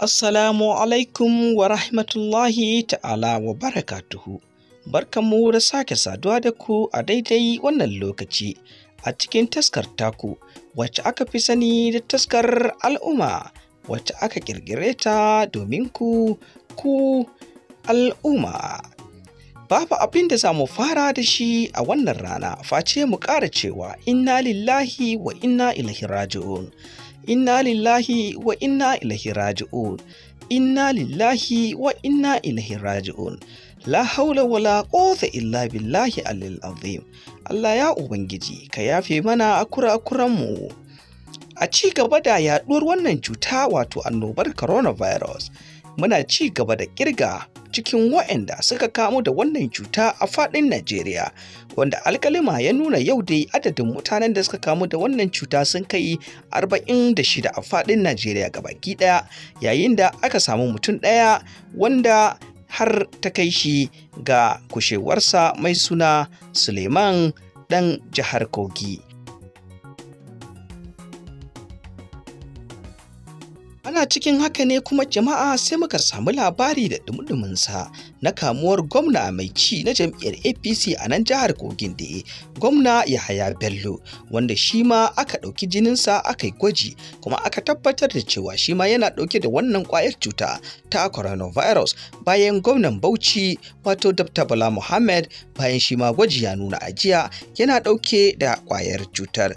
Assalamu alaikum wa rahmatullahi ta'ala wa barakatuhu. mu da sake saduwa da ku a daidai wannan lokaci a cikin taskar taku wacce aka fi sani da taskar al'umma wacce aka ƙirƙire ta domin ku ku al'umma. Babu abin da za mu fara da shi a wannan rana face mu ƙara cewa inna lillahi wa inna ilahi raji'un. inna lillahi wa inna ilahi raji'un inna lillahi wa inna ilahi raji'un la haula wala quwwata illa billahi alil azim Allah ya ubangiji ka yafe mana kurakuran mu a ci gaba da yaduwar wannan cuta wato annobar coronavirus muna ci gaba da kirga cikin waɗanda suka kamu da wannan cuta a faɗin Najeriya, wanda alkalima ya nuna yau dai adadin mutanen da suka kamu da wannan cuta sun kai 46 a faɗin Najeriya gabaki ɗaya, yayin da aka samu mutum ɗaya wanda har ta kai shi ga kushewarsa mai suna Suleiman ɗan jihar Kogi. ana cikin haka ne kuma jama'a sai muka samu labari da dumudumunsa na kamuwar gwamna mai ci na jam'iyyar apc a nan jihar kogin da gwamna yahaya bello wanda shi ma aka ɗauki jininsa aka yi gwaji kuma aka tabbatar da cewa shi ma yana ɗauke da wannan kwayar cuta ta coronavirus bayan gwamnan bauchi wato dr bala muhammad bayan shi ma gwaji ya nuna ajiya yana ɗauke da kwayar cutar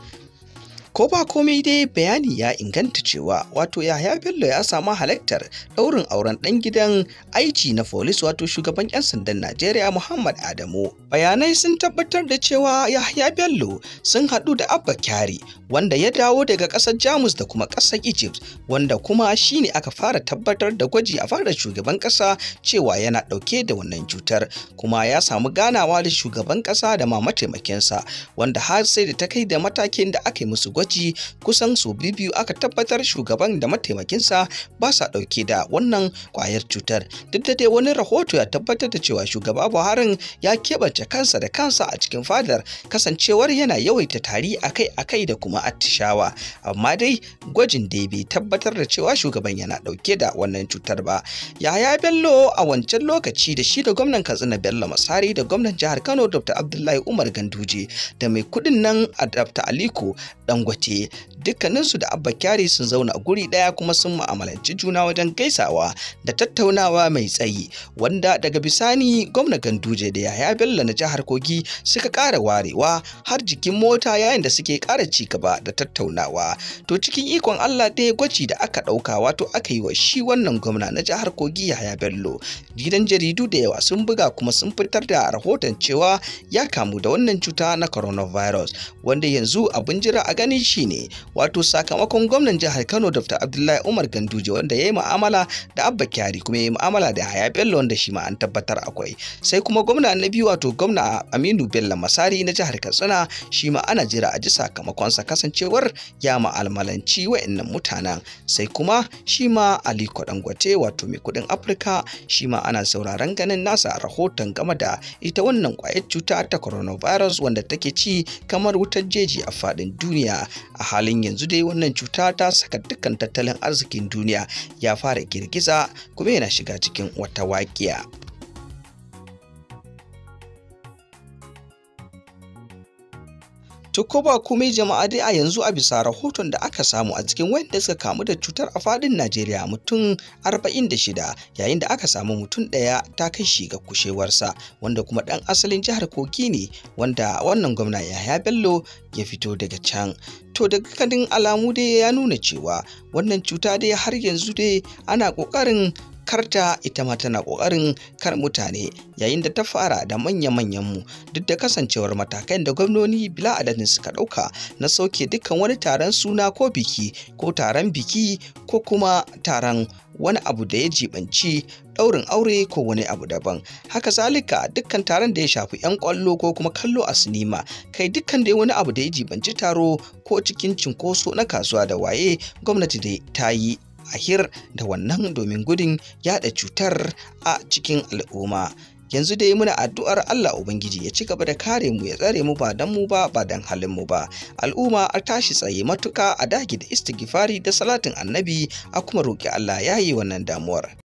ko ba komai dai bayani ya inganta cewa wato yahaya bello ya samu halittar ɗaurin auren ɗan gidan aiki na folis wato shugaban 'yan sandan najeriya muhammad adamu bayanai sun tabbatar da cewa yahaya bello sun haɗu da abba kyari wanda ya dawo daga ƙasar jamus da kuma ƙasar egypt wanda kuma shine aka fara tabbatar da gwaji a fara shugaban ƙasa cewa yana ɗauke da wannan cutar kuma ya samu ganawa da shugaban ƙasa da ma mataimakinsa wanda har sai da ta kai da matakin da aka yi musu gwaji kusan sau biyu aka tabbatar shugaban da mataimakinsa ba sa ɗauke da wannan kwayar cutar duk da dai wani rahoto ya tabbatar da cewa shugaba buharin ya keɓance kansa da kansa a cikin fadar kasancewar yana yawaita tari akai-akai da kuma attishawa amma dai gwajin da bai tabbatar da cewa shugaban yana ɗauke da wannan cutar ba yaya bello a wancan lokaci da shi da gwamnan katsina bello masari da gwamnan jihar kano dr abdullahi umar ganduje da mai kuɗin nan a dr aliko dan dangote dukkaninsu da abba kyari sun zauna guri ɗaya kuma sun mu'amalanci juna wajen gaisawa da tattaunawa mai tsayi wanda daga bisani gwamna ganduje da yaya bello na jihar kogi suka ƙara warewa har jikin mota yayin da suke ƙara ci gaba da tattaunawa to cikin ikon allah ɗaya gwaci da aka ɗauka wato aka yi wa shi wannan gwamna na jihar kogi yaya bello gidan jaridu da yawa sun buga kuma sun fitar da rahoton cewa ya kamu da wannan cuta na coronavirus wanda yanzu abin jira a gani ne wato sakamakon gwamnan jihar Kano Dr. Abdullahi Umar Ganduje wanda ya yi mu'amala da Abba Kyari kuma ya yi mu'amala da yaya Bello wanda shi ma an tabbatar akwai sai kuma gwamna na biyu wato gwamna Aminu Bello Masari na jihar Katsina shi ma ana jira a ji sakamakonsa kasancewar ya ma'almalanci wa'annan mutanen sai kuma shi ma Aliko Dangote wato mai kudin Afirka shi ma ana sauraron ganin nasa rahoton game da ita wannan kwayar cuta ta coronavirus wanda take ci kamar wutar jeji a faɗin duniya a halin yanzu dai wannan cuta ta saka dukkan tattalin arzikin duniya ya fara girgiza kuma yana shiga cikin wata waƙiya to ba komai jama'a dai a yanzu a bisa rahoton da aka samu a cikin wayanda suka kamu da cutar a fadin Najeriya mutum 46 yayin da aka samu mutum ɗaya ta kai shi ga kushewarsa wanda kuma ɗan asalin jihar Kogi ne wanda wannan gwamna Yahaya Bello ya fito daga can to daga kanin alamu dai ya nuna cewa wannan cuta dai har yanzu dai ana ƙoƙarin karta ita ma tana ƙoƙarin kar mutane yayin da ta fara da manya-manyan mu duk da kasancewar matakan da gwamnoni bila adadin suka ɗauka na sauke dukkan wani taron suna ko biki ko taron biki ko kuma taron wani abu da ya jibanci ɗaurin aure ko wani abu daban haka zalika dukkan taron da ya shafi 'yan kwallo ko kuma kallo a sinima kai dukkan da dai wani abu da ya jibanci taro ko cikin cinkoso na kasuwa da waye gwamnati da ta yi ahir da wannan domin gudun yada cutar a cikin al'umma yanzu dai muna addu'ar Allah Ubangiji ya ci gaba da kare mu ya tsare mu ba dan mu ba ba dan halin mu ba al'umma a tashi tsaye matuka a dagi da istighfari da salatin annabi a kuma roki Allah ya yi wannan damuwar